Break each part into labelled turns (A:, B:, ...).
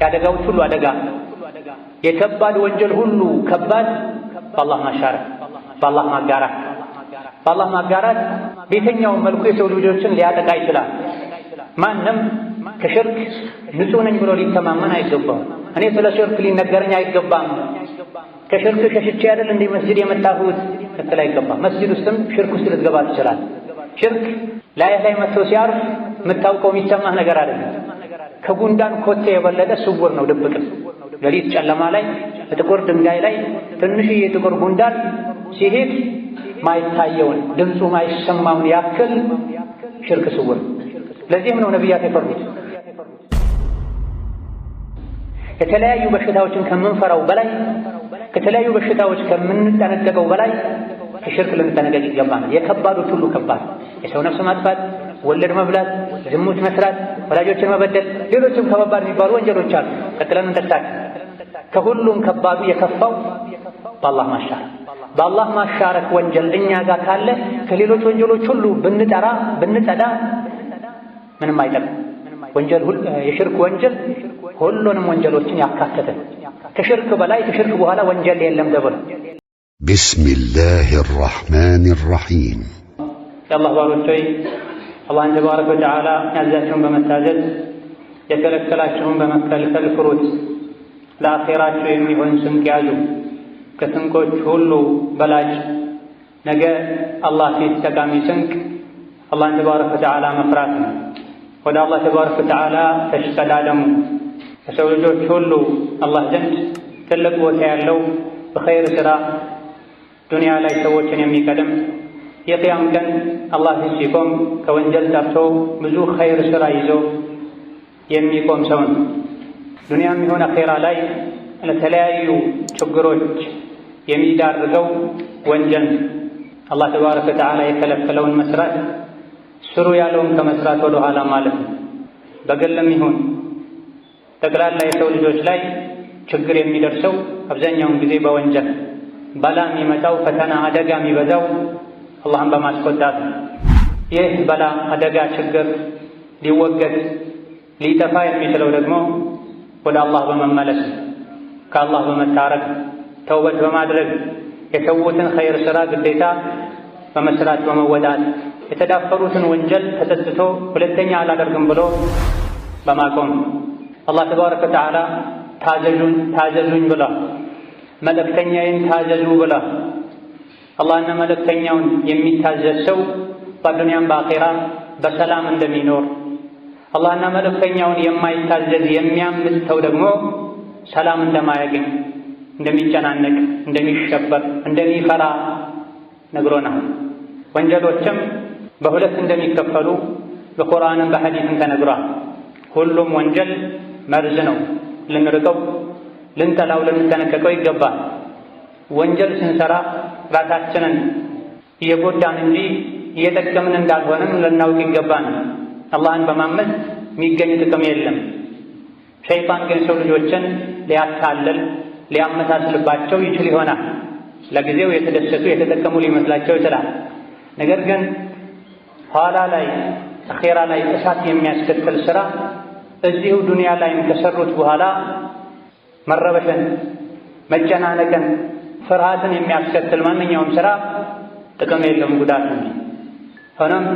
A: የአደጋዎች ሁሉ አደጋ የከባድ ወንጀል ሁሉ ከባድ በአላህ ማሻረክ፣ በአላህ ማጋራት። በአላህ ማጋራት ቤተኛውን መልኩ የሰው ልጆችን ሊያጠቃ ይችላል። ማንም ከሽርክ ንጹህ ነኝ ብሎ ሊተማመን አይገባም። እኔ ስለ ሽርክ ሊነገረኝ አይገባም። ከሽርክ ሸሽቼ አይደል እንደ መስጂድ የመጣሁት ልትል አይገባም። መስጂድ ውስጥም ሽርክ ውስጥ ልትገባ ትችላል። ሽርክ ላይ ላይ መጥቶ ሲያርፍ የምታውቀው የሚሰማህ ነገር አይደለም። ከጉንዳን ኮቴ የበለጠ ስውር ነው ድብቅም። ሌሊት ጨለማ ላይ በጥቁር ድንጋይ ላይ ትንሽዬ ጥቁር ጉንዳን ሲሄድ ማይታየውን ድምፁ ማይሰማውን ያክል ሽርክ ስውር። ለዚህም ነው ነቢያት የፈሩት። የተለያዩ በሽታዎችን ከምንፈራው በላይ ከተለያዩ በሽታዎች ከምንጠነቀቀው በላይ ከሽርክ ልንጠነቀቅ ይገባናል። የከባዶች ሁሉ ከባድ የሰው ነፍስ ማጥፋት፣ ወለድ መብላት ዝሙት መስራት፣ ወላጆችን መበደል፣ ሌሎችም ከባባድ የሚባሉ ወንጀሎች አሉ። ቀጥለን እንጠቅሳለን። ከሁሉም ከባዱ የከፋው በአላህ ማሻረክ በአላህ ማሻረክ ወንጀል እኛ ጋር ካለ ከሌሎች ወንጀሎች ሁሉ ብንጠራ ብንጸዳ ምንም አይጠቅም። ወንጀል የሽርክ ወንጀል ሁሉንም ወንጀሎችን ያካተተ ከሽርክ በላይ ከሽርክ በኋላ ወንጀል የለም ተብሎ
B: ቢስሚላሂ ራሕማኒ ራሒም የአላህ ባሮች ሆይ አላህን ተባረከ ወተዓላ ያዛቸውን በመታዘዝ የከለከላቸውን በመከልከል ፍሩት። ለአኼራቸው የሚሆን ስንቅ ያዙ። ከስንቆች ሁሉ በላጭ ነገ አላህ ፊት ጠቃሚ ስንቅ አላህን ተባረከ ወተዓላ መፍራት ነው። ወደ አላህ ተባረከ ወተዓላ ተሽቀዳደሙ። ከሰው ልጆች ሁሉ አላህ ዘንድ ትልቅ ቦታ ያለው በኸይር ሥራ ዱንያ ላይ ሰዎችን የሚቀድም የቅያም ቀን አላህ ሲቆም ከወንጀል ጠርቶ ብዙ ኸይር ሥራ ይዞ የሚቆም ሰው ነው። ዱንያም የሆነ አኼራ ላይ ለተለያዩ ችግሮች የሚዳርገው ወንጀል አላህ ተባረከ ወተዓላ የከለከለውን መስራት ስሩ ያለውን ከመስራት ወደ ኋላ ማለት ነው። በግልም ይሁን ጠቅላላ የሰው ልጆች ላይ ችግር የሚደርሰው አብዛኛውን ጊዜ በወንጀል በላ የሚመጣው ፈተና አደጋ የሚበዛው አላህን በማስቆጣት ይህ በላ አደጋ ችግር ሊወገድ ሊጠፋ የሚችለው ደግሞ ወደ አላህ በመመለስ ከአላህ በመታረቅ ተውበት በማድረግ የተዉትን ኸይር ሥራ ግዴታ በመስራት በመወጣት የተዳፈሩትን ወንጀል ተጸጽቶ ሁለተኛ አላደርግም ብሎ በማቆም አላህ ተባረከ ወተዓላ ታዘዙኝ ብሏል። መልእክተኛዬን ታዘዙ ብላ። አላህና መልእክተኛውን የሚታዘዝ ሰው በዱንያም በአኼራ በሰላም እንደሚኖር አላህና መልእክተኛውን የማይታዘዝ የሚያምፅ ሰው ደግሞ ሰላም እንደማያገኝ፣ እንደሚጨናነቅ፣ እንደሚሸበር፣ እንደሚፈራ ነግሮናል። ወንጀሎችም በሁለት እንደሚከፈሉ በቁርአንም በሐዲስም ተነግሯል። ሁሉም ወንጀል መርዝ ነው፣ ልንርቀው፣ ልንጠላው፣ ልንጠነቀቀው ይገባል። ወንጀል ስንሰራ ራሳችንን እየጎዳን እንጂ እየጠቀምን እንዳልሆነም ልናውቅ ይገባን። አላህን በማመስ የሚገኝ ጥቅም የለም። ሸይጣን ግን ሰው ልጆችን ሊያታልል ሊያመሳስልባቸው ይችል ይሆናል። ለጊዜው የተደሰቱ የተጠቀሙ ሊመስላቸው ይችላል። ነገር ግን ኋላ ላይ አኼራ ላይ እሳት የሚያስከትል ስራ እዚሁ ዱንያ ላይም ከሰሩት በኋላ መረበሽን፣ መጨናነቅን ፍርሃትን የሚያስከትል ማንኛውም ሥራ ጥቅም የለም፣ ጉዳት ነው። ሆኖም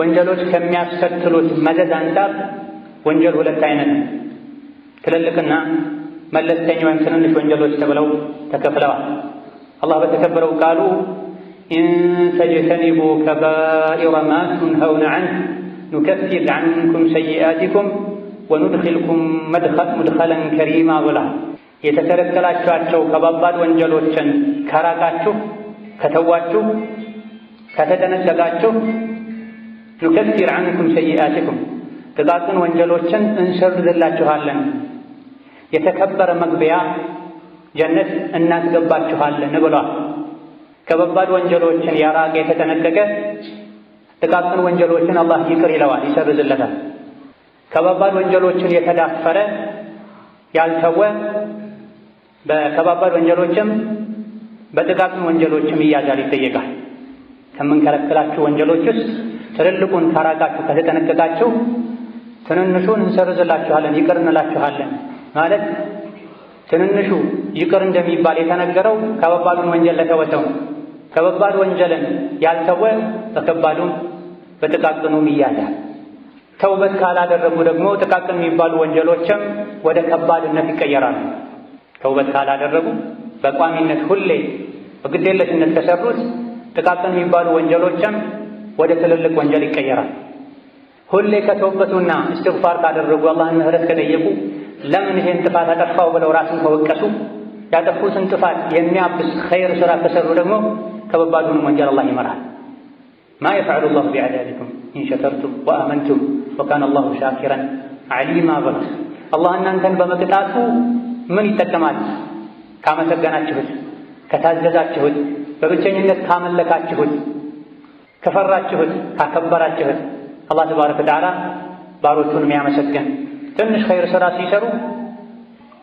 B: ወንጀሎች ከሚያስከትሉት መዘዝ አንጻር ወንጀል ሁለት አይነት ነው። ትልልቅና መለስተኛ ወይም ትንንሽ ወንጀሎች ተብለው ተከፍለዋል። አላህ በተከበረው ቃሉ ኢን ተጅተኒቡ ከባኢረ ማ ቱንሀውነ ዐንሁ ኑከፊር ዐንኩም ሰይአቲኩም ወኑድኺልኩም መድኸለን ከሪማ ብሏል። የተከለከላችኋቸው ከባባድ ወንጀሎችን ከራቃችሁ፣ ከተዋችሁ፣ ከተጠነቀቃችሁ ኑከፊር አንኩም ሰይአቲኩም ጥቃቅን ወንጀሎችን እንሰርዝላችኋለን፣ የተከበረ መግቢያ ጀነት እናስገባችኋለን ብሏል። ከባባድ ወንጀሎችን ያራቀ የተጠነቀቀ ጥቃቅን ወንጀሎችን አላህ ይቅር ይለዋል፣ ይሰርዝለታል። ከባባድ ወንጀሎችን የተዳፈረ ያልተወ በከባባድ ወንጀሎችም በጥቃቅን ወንጀሎችም እያዳር ይጠየቃል። ከምንከለክላችሁ ወንጀሎች ውስጥ ትልልቁን ታራቃችሁ ከተጠነቀቃችሁ ትንንሹን እንሰርዝላችኋለን፣ ይቅር እንላችኋለን ማለት ትንንሹ ይቅር እንደሚባል የተነገረው ከባባዱን ወንጀል ለተወተው ከባባድ ወንጀልን ያልተወ በከባዱም በጥቃቅኑም ይያዛል። ተውበት ካላደረጉ ደግሞ ጥቃቅን የሚባሉ ወንጀሎችም ወደ ከባድነት ይቀየራሉ። ተውበት ካላደረጉ በቋሚነት ሁሌ በግዴለሽነት ከሰሩት ጥቃቅን የሚባሉ ወንጀሎችም ወደ ትልልቅ ወንጀል ይቀየራል። ሁሌ ከተውበቱና እስትግፋር ካደረጉ አላህን ምህረት ከጠየቁ ለምን ይሄን ጥፋት አጠፋው ብለው ራስን ከወቀሱ ያጠፉትን ጥፋት የሚያብስ ኸይር ስራ ከሰሩ ደግሞ ከበባዱን ወንጀል አላህ ይመራል። ማ የፈዐሉ ላሁ ቢዐዛቢኩም ኢንሸከርቱም ወአመንቱም ወካነ አላሁ ሻኪረን ዓሊማ ብላ አላህ እናንተን በመቅጣቱ ምን ይጠቀማል? ካመሰገናችሁት፣ ከታዘዛችሁት፣ በብቸኝነት ካመለካችሁት፣ ከፈራችሁት፣ ካከበራችሁት አላህ ተባረከ ወተዓላ ባሮቹን የሚያመሰግን ትንሽ ኸይር ሥራ ሲሰሩ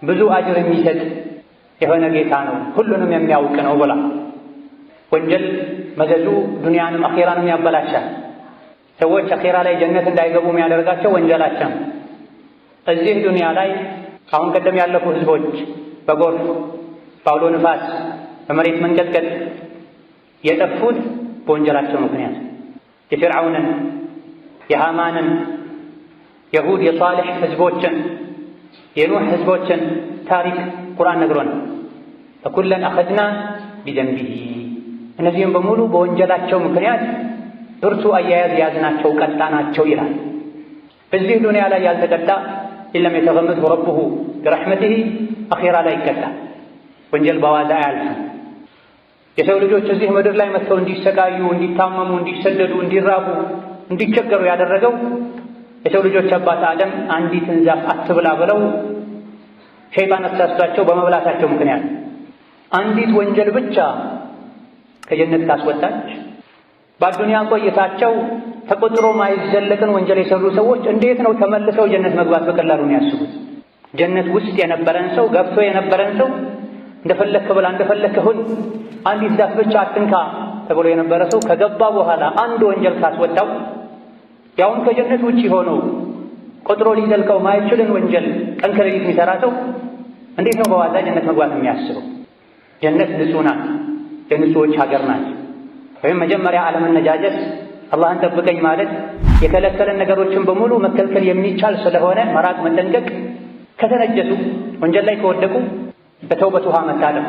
B: ብዙ አጅር የሚሰጥ የሆነ ጌታ ነው፣ ሁሉንም የሚያውቅ ነው ብላ ወንጀል መዘዙ ዱንያንም አኼራንም ያበላሻል። ሰዎች አኼራ ላይ ጀነት እንዳይገቡ የሚያደርጋቸው ወንጀላቸው እዚህ ዱንያ ላይ ከአሁን ቀደም ያለፉ ህዝቦች በጎርፍ፣ በአውሎ ንፋስ፣ በመሬት መንቀጥቀጥ የጠፉት በወንጀላቸው ምክንያት የፊርዓውንን፣ የሃማንን፣ የሁድ የሳልሕ ህዝቦችን፣ የኑሕ ህዝቦችን ታሪክ ቁርአን ነግሮን ኩለን አኸዝና ቢዘንቢሂ እነዚህም በሙሉ በወንጀላቸው ምክንያት ብርቱ አያያዝ ያዝናቸው፣ ቀጣናቸው ይላል። በዚህ ዱንያ ላይ ያልተቀጣ ኢለም የተገመቱ ረብሁ ቢረሕመቲሂ አኼራ ላይ ይቀጣል። ወንጀል በዋዛ አያልፍም። የሰው ልጆች እዚህ ምድር ላይ መጥተው እንዲሰቃዩ፣ እንዲታመሙ፣ እንዲሰደዱ፣ እንዲራቡ፣ እንዲቸገሩ ያደረገው የሰው ልጆች አባት አደም አንዲትን ዛፍ አትብላ ብለው ሸይጣን አሳስቷቸው በመብላታቸው ምክንያት አንዲት ወንጀል ብቻ ከጀነት ካስወጣች በአዱንያ ቆይታቸው ተቆጥሮ ማይዘለቅን ወንጀል የሰሩ ሰዎች እንዴት ነው ተመልሰው ጀነት መግባት በቀላሉ የሚያስቡት? ጀነት ውስጥ የነበረን ሰው ገብቶ የነበረን ሰው እንደፈለክ ብላ እንደፈለከ ሁን፣ አንዲት ዛፍ ብቻ አትንካ ተብሎ የነበረ ሰው ከገባ በኋላ አንድ ወንጀል ካስወጣው ያውም ከጀነት ውጭ ሆኖ ቆጥሮ ሊዘልቀው ማይችልን ወንጀል ቀን ከሌሊት የሚሰራ ሰው እንዴት ነው በዋዛ ጀነት መግባት የሚያስበው? ጀነት ንጹህ ናት፣ የንጹዎች ሀገር ናት። ወይም መጀመሪያ አለመነጃጀት አላህን ጠብቀኝ ማለት የከለከለን ነገሮችን በሙሉ መከልከል የሚቻል ስለሆነ መራቅ መጠንቀቅ፣ ከተነጀሱ ወንጀል ላይ ከወደቁ በተውበት ውሃ መታለም፣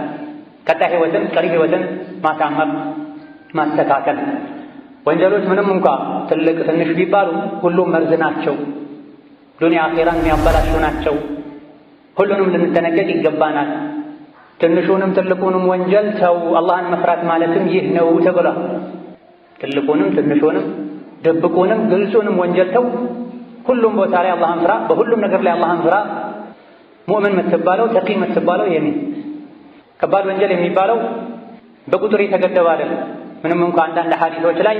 B: ቀጣይ ህይወትን ቀሪ ህይወትን ማሳመር ማስተካከል። ወንጀሎች ምንም እንኳ ትልቅ ትንሽ ቢባሉ ሁሉም መርዝ ናቸው፣ ዱንያ አኼራን የሚያበላሹ ናቸው። ሁሉንም ልንጠነቀቅ ይገባናል። ትንሹንም ትልቁንም ወንጀል ተው፣ አላህን መፍራት ማለትም ይህ ነው ተብሏል። ትልቁንም ትንሹንም ድብቁንም ግልጹንም ወንጀል ተው። ሁሉም ቦታ ላይ አላህን ፍራ፣ በሁሉም ነገር ላይ አላህን ፍራ። ሙእምን የምትባለው ተቂ የምትባለው ይሄን ከባድ ወንጀል የሚባለው በቁጥር የተገደበ አይደለም። ምንም እንኳ አንዳንድ ሐዲሶች ላይ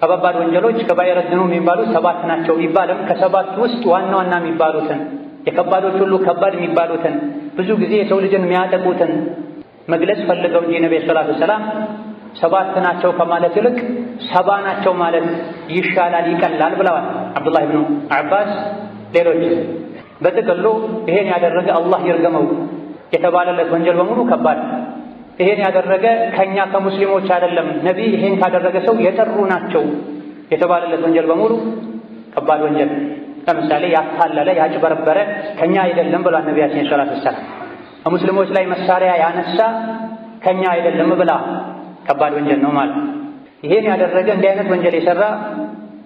B: ከባባድ ወንጀሎች ከባይረት ነው የሚባሉት ሰባት ናቸው ቢባልም ከሰባት ውስጥ ዋና ዋና የሚባሉትን የከባዶች ሁሉ ከባድ የሚባሉትን ብዙ ጊዜ የሰው ልጅን የሚያጠቁትን መግለጽ ፈልገው እንጂ ነብይ ሰለላሁ ዐለይሂ ሰባት ናቸው ከማለት ይልቅ ሰባ ናቸው ማለት ይሻላል፣ ይቀላል ብለዋል አብዱላህ ብኑ አባስ ሌሎች። በጥቅሉ ይሄን ያደረገ አላህ ይርገመው የተባለለት ወንጀል በሙሉ ከባድ። ይሄን ያደረገ ከኛ ከሙስሊሞች አይደለም፣ ነቢ ይሄን ካደረገ ሰው የጠሩ ናቸው የተባለለት ወንጀል በሙሉ ከባድ ወንጀል። ለምሳሌ ያታለለ፣ ያጭበረበረ ከኛ አይደለም ብሏል ነቢያችን ሰላት ዐለይሂ ወሰለም። ከሙስሊሞች ላይ መሳሪያ ያነሳ ከኛ አይደለም ብላ ከባድ ወንጀል ነው ማለት ይሄን ያደረገ እንዲህ አይነት ወንጀል የሰራ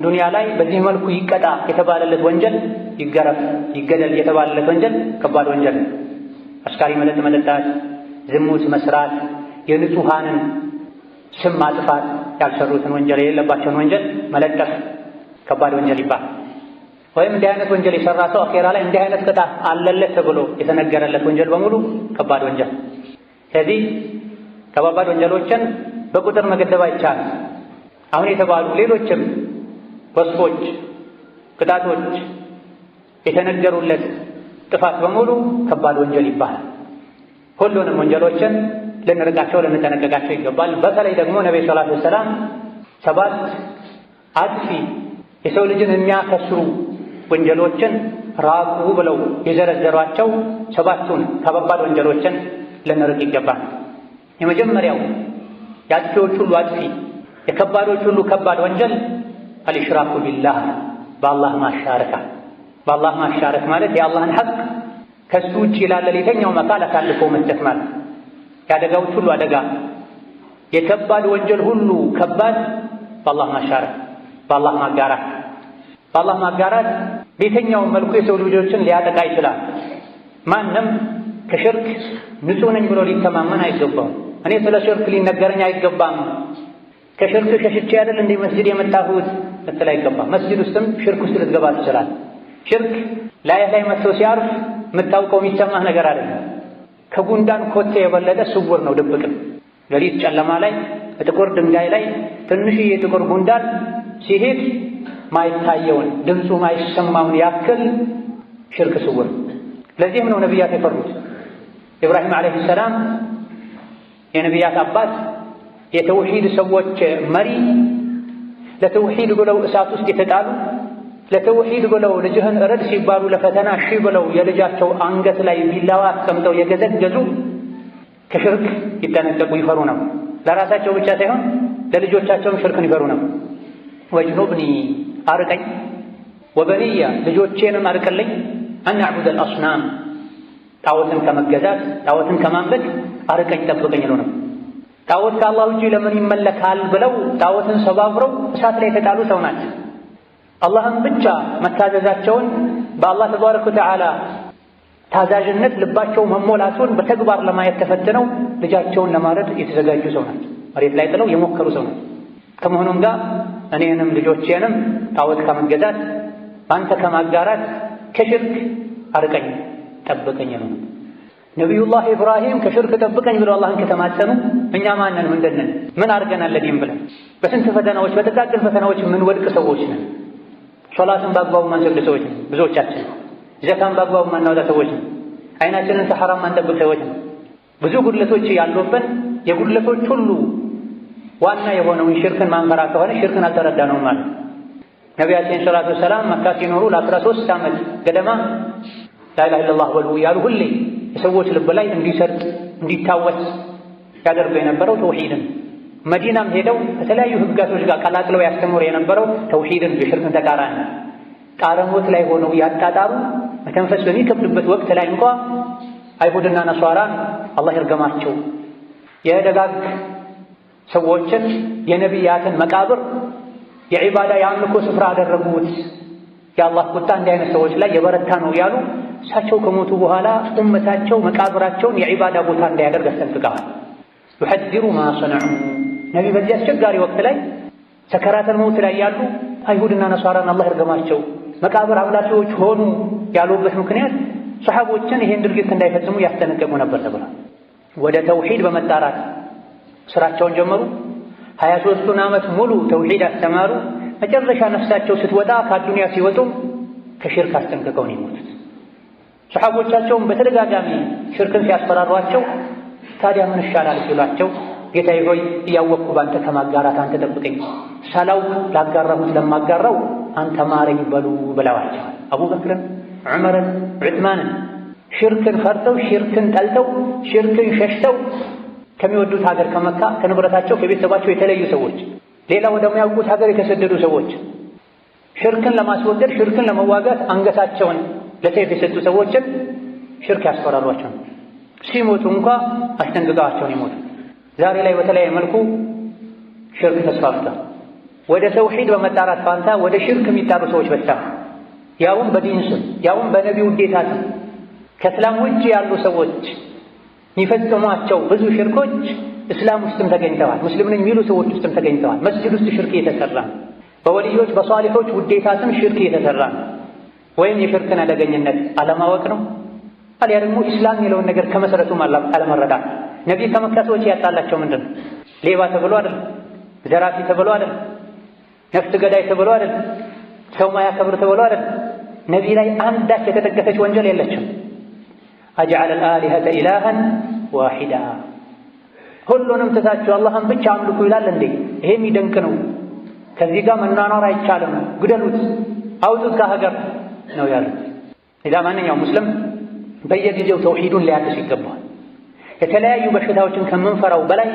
B: ዱንያ ላይ በዚህ መልኩ ይቀጣ የተባለለት ወንጀል ይገረፍ፣ ይገደል የተባለለት ወንጀል ከባድ ወንጀል ነው። አስካሪ መጠጥ መጠጣት፣ ዝሙት መስራት፣ የንጹሃንን ስም ማጥፋት ያልሰሩትን ወንጀል የሌለባቸውን ወንጀል መለጠፍ ከባድ ወንጀል ይባል። ወይም እንዲህ አይነት ወንጀል የሰራ ሰው አኼራ ላይ እንዲህ አይነት ቅጣት አለለት ተብሎ የተነገረለት ወንጀል በሙሉ ከባድ ወንጀል። ስለዚህ ከባባድ ወንጀሎችን በቁጥር መገደብ አይቻልም። አሁን የተባሉ ሌሎችም ወስፎች፣ ቅጣቶች የተነገሩለት ጥፋት በሙሉ ከባድ ወንጀል ይባላል። ሁሉንም ወንጀሎችን ልንርቃቸው ልንጠነቀቃቸው ይገባል። በተለይ ደግሞ ነቢ ሰላቱ ወሰላም ሰባት አጥፊ የሰው ልጅን የሚያከስሩ ወንጀሎችን ራቁ ብለው የዘረዘሯቸው ሰባቱን ከባባድ ወንጀሎችን ልንርቅ ይገባል። የመጀመሪያው የአጥፊዎች ሁሉ አጥፊ፣ የከባዶች ሁሉ ከባድ ወንጀል አልኢሽራኩ ቢላህ በአላህ ማሻረካ። በአላህ ማሻረክ ማለት የአላህን ሐቅ ከሱ ውጭ ላለ ሌላኛውም አካል አሳልፎ መስጠት ማለት የአደጋዎች ሁሉ አደጋ፣ የከባድ ወንጀል ሁሉ ከባድ በአላህ ማሻረክ፣ በአላህ ማጋራት። በአላህ ማጋራት በየትኛውም መልኩ የሰው ልጆችን ሊያጠቃ ይችላል። ማንም ከሽርክ ንጹህ ነኝ ብሎ ሊተማመን አይገባውም። እኔ ስለ ሽርክ ሊነገረኝ አይገባም። ከሽርክ ሸሽቼ አይደል እንደ መስጅድ የመጣሁት ልትል አይገባም። መስጂድ ውስጥም ሽርክ ውስጥ ልትገባ ትችላል። ሽርክ ላይ ላይ መጥቶ ሲያርፍ የምታውቀው የሚሰማህ ነገር አይደለም። ከጉንዳን ኮቴ የበለጠ ስውር ነው፣ ድብቅም። ሌሊት ጨለማ ላይ ጥቁር ድንጋይ ላይ ትንሽዬ ጥቁር ጉንዳን ሲሄድ ማይታየውን ድምፁ ማይሰማውን ያክል ሽርክ ስውር። ለዚህም ነው ነቢያት የፈሩት። ኢብራሂም ዓለይሂ ሰላም የነቢያት አባት የተውሂድ ሰዎች መሪ ለተውሂድ ብለው እሳት ውስጥ የተጣሉ ለተውሂድ ብለው ልጅህን እረድ ሲባሉ ለፈተና ሺ ብለው የልጃቸው አንገት ላይ ቢላዋ አስቀምጠው የገዘገዙ ከሽርክ ይጠነቀቁ ይፈሩ ነው። ለራሳቸው ብቻ ሳይሆን ለልጆቻቸውም ሽርክን ይፈሩ ነው። ወጅኑብኒ አርቀኝ፣ ወበንያ ልጆቼንም አርቅልኝ፣ አናዕቡደል አስናም ጣዖትን ከመገዛት ጣዖትን ከማምለክ አርቀኝ ጠብቀኝ ነው ነው። ጣዖት ከአላህ ውጪ ለምን ይመለካል ብለው ጣዖትን ሰባብረው እሳት ላይ የተጣሉ ሰው ናቸው። አላህን ብቻ መታዘዛቸውን በአላህ ተባረከ ወተዓላ ታዛዥነት ልባቸው መሞላቱን በተግባር ለማየት ተፈትነው ልጃቸውን ለማረድ የተዘጋጁ ሰው ናቸው። መሬት ላይ ጥለው የሞከሩ ሰው ናቸው። ከመሆኑም ጋር እኔንም ልጆቼንም ጣዖት ከመገዛት አንተ ከማጋራት ከሽርክ አርቀኝ ጠብቀኝ ነው። ነቢዩላህ ኢብራሂም ከሽርክ ጠብቀኝ ብለው አላህን ከተማጸኑ እኛ ማንን ምንድነን ምን አድርገናል እኔም ብለን በስንት ፈተናዎች በጥቃቅን ፈተናዎች የምንወድቅ ሰዎች ነን። ሶላትን በአግባቡ ማንሰግድ ሰዎች ነን ብዙዎቻችን። ዘካን በአግባቡ ማናወጣ ሰዎች ነን። አይናችንን ሰሐራ ማንጠብቅ ሰዎች ነን። ብዙ ጉድለቶች ያሉበት የጉድለቶች ሁሉ ዋና የሆነውን ሽርክን ማንፈራ ከሆነ ሽርክን አልተረዳ ነው ማለት ነቢያችን ሰላቱ ሰላም መካ ሲኖሩ ለአስራ ሦስት ዓመት ገደማ ላኢላሃ ኢለላህ በሉ እያሉ ሁሌ የሰዎች ልብ ላይ እንዲሰርጥ እንዲታወስ ያደርገው የነበረው ተውሂድን መዲናም ሄደው ከተለያዩ ህግጋቶች ጋር ቀላቅለው ያስተምሩ የነበረው ተውሂድን የሽርክን ተቃራኒ ጣረ ላይ ሆነው ያጣጣሩ መተንፈስ በሚከብድበት ወቅት ላይ እንኳ አይሁድና ነሷራን አላህ ይርገማቸው የደጋግ ሰዎችን የነቢያትን መቃብር የዒባዳ የአምልኮ ስፍራ አደረጉት። የአላህ ቁጣ እንዲህ አይነት ሰዎች ላይ የበረታ ነው ያሉ እሳቸው ከሞቱ በኋላ ኡመታቸው መቃብራቸውን የዒባዳ ቦታ እንዳያደርግ አስጠንቅቀዋል። ዩሐዚሩ ማ ሰነዑ ነቢ በዚህ አስቸጋሪ ወቅት ላይ ሰከራተል መውት ላይ ያሉ አይሁድና ነሷራን አላህ ይርገማቸው መቃብር አምላኪዎች ሆኑ ያሉበት ምክንያት ሰሓቦችን ይሄን ድርጊት እንዳይፈጽሙ ያስጠነቀቁ ነበር ተብሏል። ወደ ተውሂድ በመጣራት ስራቸውን ጀመሩ። 23ቱን ዓመት ሙሉ ተውሂድ አስተማሩ። መጨረሻ ነፍሳቸው ስትወጣ ከአዱንያ ሲወጡ ከሽርክ አስጠንቅቀው ነው የሞቱት። ሰሓቦቻቸውም በተደጋጋሚ ሽርክን ሲያስፈራሯቸው ታዲያ ምን ይሻላል ሲሏቸው ጌታዬ ሆይ እያወቅኩ በአንተ ከማጋራት አንተ ጠብቀኝ፣ ሳላውቅ ላጋራሁት ለማጋራው አንተ ማረኝ በሉ ብለዋቸዋል። አቡበክርን፣ ዑመርን፣ ዑትማንን ሽርክን ፈርተው ሽርክን ጠልተው ሽርክን ሸሽተው ከሚወዱት ሀገር ከመካ ከንብረታቸው ከቤተሰባቸው የተለዩ ሰዎች ሌላ ወደማያውቁት ሀገር የተሰደዱ ሰዎች ሽርክን ለማስወገድ ሽርክን ለመዋጋት አንገታቸውን ለሰይፍ የሰጡ ሰዎችን ሽርክ ያስፈራሯቸው ነው። ሲሞቱ እንኳ አስጠንቅቀዋቸውን ይሞቱ። ዛሬ ላይ በተለያየ መልኩ ሽርክ ተስፋፍቷል። ወደ ተውሂድ በመጣራት ፋንታ ወደ ሽርክ የሚጣሩ ሰዎች በዛ ያውም በዲን ስም ያውም በነቢ ውዴታ ስም ከእስላም ውጭ ያሉ ሰዎች የሚፈጽሟቸው ብዙ ሽርኮች እስላም ውስጥም ተገኝተዋል። ሙስሊም ነኝ የሚሉ ሰዎች ውስጥም ተገኝተዋል። መስጂድ ውስጥ ሽርክ የተሰራ ነው። በወልዮች በሷሊሖች ውዴታ ስም ሽርክ የተሰራ ወይም የሽርክን አደገኝነት አለማወቅ ነው። አሊያ ደግሞ ኢስላም የሚለውን ነገር ከመሰረቱም አለመረዳት። ነቢይ ከመካ ሰዎች ያጣላቸው ምንድን ነው? ሌባ ተብሎ አይደል? ዘራፊ ተብሎ አይደል? ነፍስ ገዳይ ተብሎ አይደል? ሰው ማያከብር ተብሎ አይደል? ነቢይ ላይ አንዳች የተጠቀሰች ወንጀል የለችም። አጅዐለ አሊሀተ ኢላሃን ዋሂዳ ሁሉንም ትታችሁ አላህን ብቻ አምልኩ ይላል እንዴ? ይሄ የሚደንቅ ነው። ከዚህ ጋር መኗኗር አይቻልም፣ ግደሉት፣ አውጡት ከሀገር ነው ያሉት። እዛ ማንኛውም ሙስልም በየጊዜው ተውሂዱን ሊያድስ ይገባዋል። የተለያዩ በሽታዎችን ከምንፈራው በላይ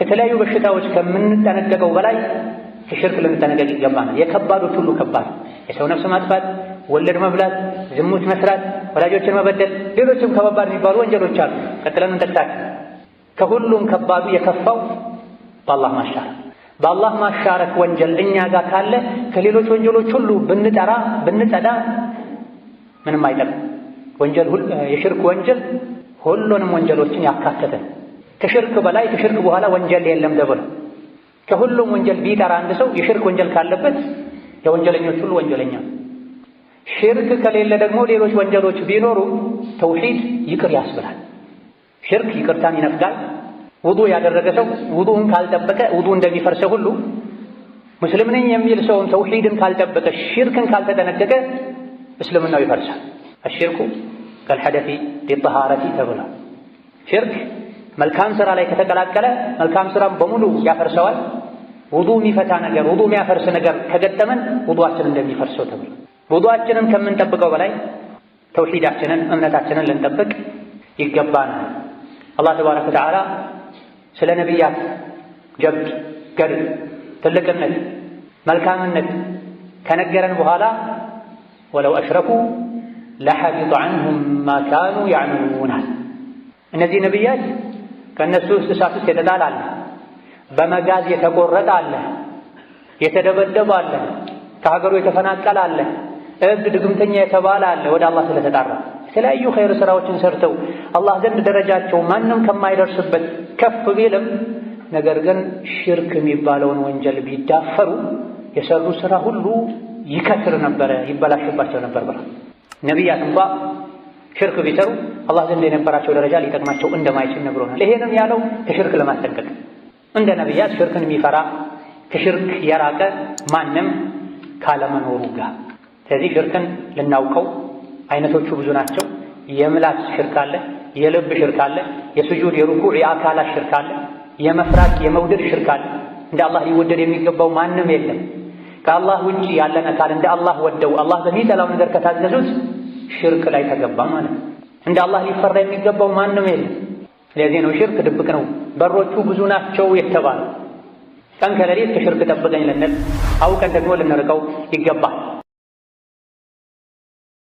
B: ከተለያዩ በሽታዎች ከምንጠነቀቀው በላይ ከሽርክ ልንጠነቀቅ ይገባናል። የከባዶች ሁሉ ከባድ የሰው ነፍስ ማጥፋት፣ ወለድ መብላት፣ ዝሙት መስራት፣ ወላጆችን መበደል፣ ሌሎችም ከባባድ የሚባሉ ወንጀሎች አሉ። ቀጥለን እንጠቅሳቸው። ከሁሉም ከባዱ የከፋው በአላህ ማሻረክ በአላህ ማሻረክ ወንጀል እኛ ጋር ካለ ከሌሎች ወንጀሎች ሁሉ ብንጠራ ብንጸዳ ምንም አይጠቅም። ወንጀል የሽርክ ወንጀል ሁሉንም ወንጀሎችን ያካተተ ከሽርክ በላይ ከሽርክ በኋላ ወንጀል የለም ተብሎ ከሁሉም ወንጀል ቢጠራ አንድ ሰው የሽርክ ወንጀል ካለበት የወንጀለኞች ሁሉ ወንጀለኛ ሽርክ ከሌለ ደግሞ ሌሎች ወንጀሎች ቢኖሩ ተውሂድ ይቅር ያስብላል። ሽርክ ይቅርታን ይነፍጋል። ውዱ ያደረገ ሰው ውዱን ካልጠበቀ ውዱ እንደሚፈርሰ ሁሉ ሙስሊም ነኝ የሚል ሰውም ተውሂድን ካልጠበቀ ሽርክን ካልተጠነቀቀ እስልምናው ይፈርሳል። አሽርኩ ከልሐደፊ ቢጠሃረቲ ተብሏል። ሽርክ መልካም ስራ ላይ ከተቀላቀለ መልካም ስራም በሙሉ ያፈርሰዋል። ውዱ የሚፈታ ነገር ውዱ የሚያፈርስ ነገር ከገጠመን ውዱአችን እንደሚፈርሰው ተብሏል። ውዱአችንን ከምንጠብቀው በላይ ተውሂዳችንን እምነታችንን ልንጠብቅ ይገባናል። አላህ ተባረከ ወተዓላ ስለ ነቢያት ጀብድ፣ ገድል፣ ትልቅነት፣ መልካምነት ከነገረን በኋላ ወለው አሽረኩ ለሐቢጠ ዐንሁም ማ ካኑ ያዕመሉናል። እነዚህ ነቢያት ከእነሱ ውስጥ እሳት ውስጥ የተጣለ አለ፣ በመጋዝ የተቆረጠ አለ፣ የተደበደበ አለ፣ ከሀገሩ የተፈናቀለ አለ፣ እብድ ድግምተኛ የተባለ አለ ወደ አላህ ስለተጣራ የተለያዩ ኸይር ሥራዎችን ሰርተው አላህ ዘንድ ደረጃቸው ማንም ከማይደርስበት ከፍ ቢልም ነገር ግን ሽርክ የሚባለውን ወንጀል ቢዳፈሩ የሰሩ ሥራ ሁሉ ይከስር ነበረ፣ ይበላሽባቸው ነበር። ብራ ነቢያት እንኳ ሽርክ ቢሰሩ አላህ ዘንድ የነበራቸው ደረጃ ሊጠቅማቸው እንደማይችል ነግሮናል። ይሄንም ያለው ከሽርክ ለማስጠንቀቅ እንደ ነቢያት ሽርክን የሚፈራ ከሽርክ የራቀ ማንም ካለመኖሩ ጋር ስለዚህ ሽርክን ልናውቀው አይነቶቹ ብዙ ናቸው። የምላስ ሽርክ አለ፣ የልብ ሽርክ አለ፣ የስጁድ የሩኩዕ የአካላት ሽርክ አለ፣ የመፍራት የመውደድ ሽርክ አለ። እንደ አላህ ሊወደድ የሚገባው ማንም የለም። ከአላህ ውጪ ያለን አካል እንደ አላህ ወደው አላህ በሚጠላው ነገር ከታዘዙት ሽርክ ላይ ተገባ ማለት ነው። እንደ አላህ ሊፈራ የሚገባው ማንም የለም። ለዚህ ነው ሽርክ ድብቅ ነው፣ በሮቹ ብዙ ናቸው የተባለ ቀን ከሌሊት ከሽርክ ጠብቀኝ ልንል አውቀን ደግሞ ልንርቀው ይገባል።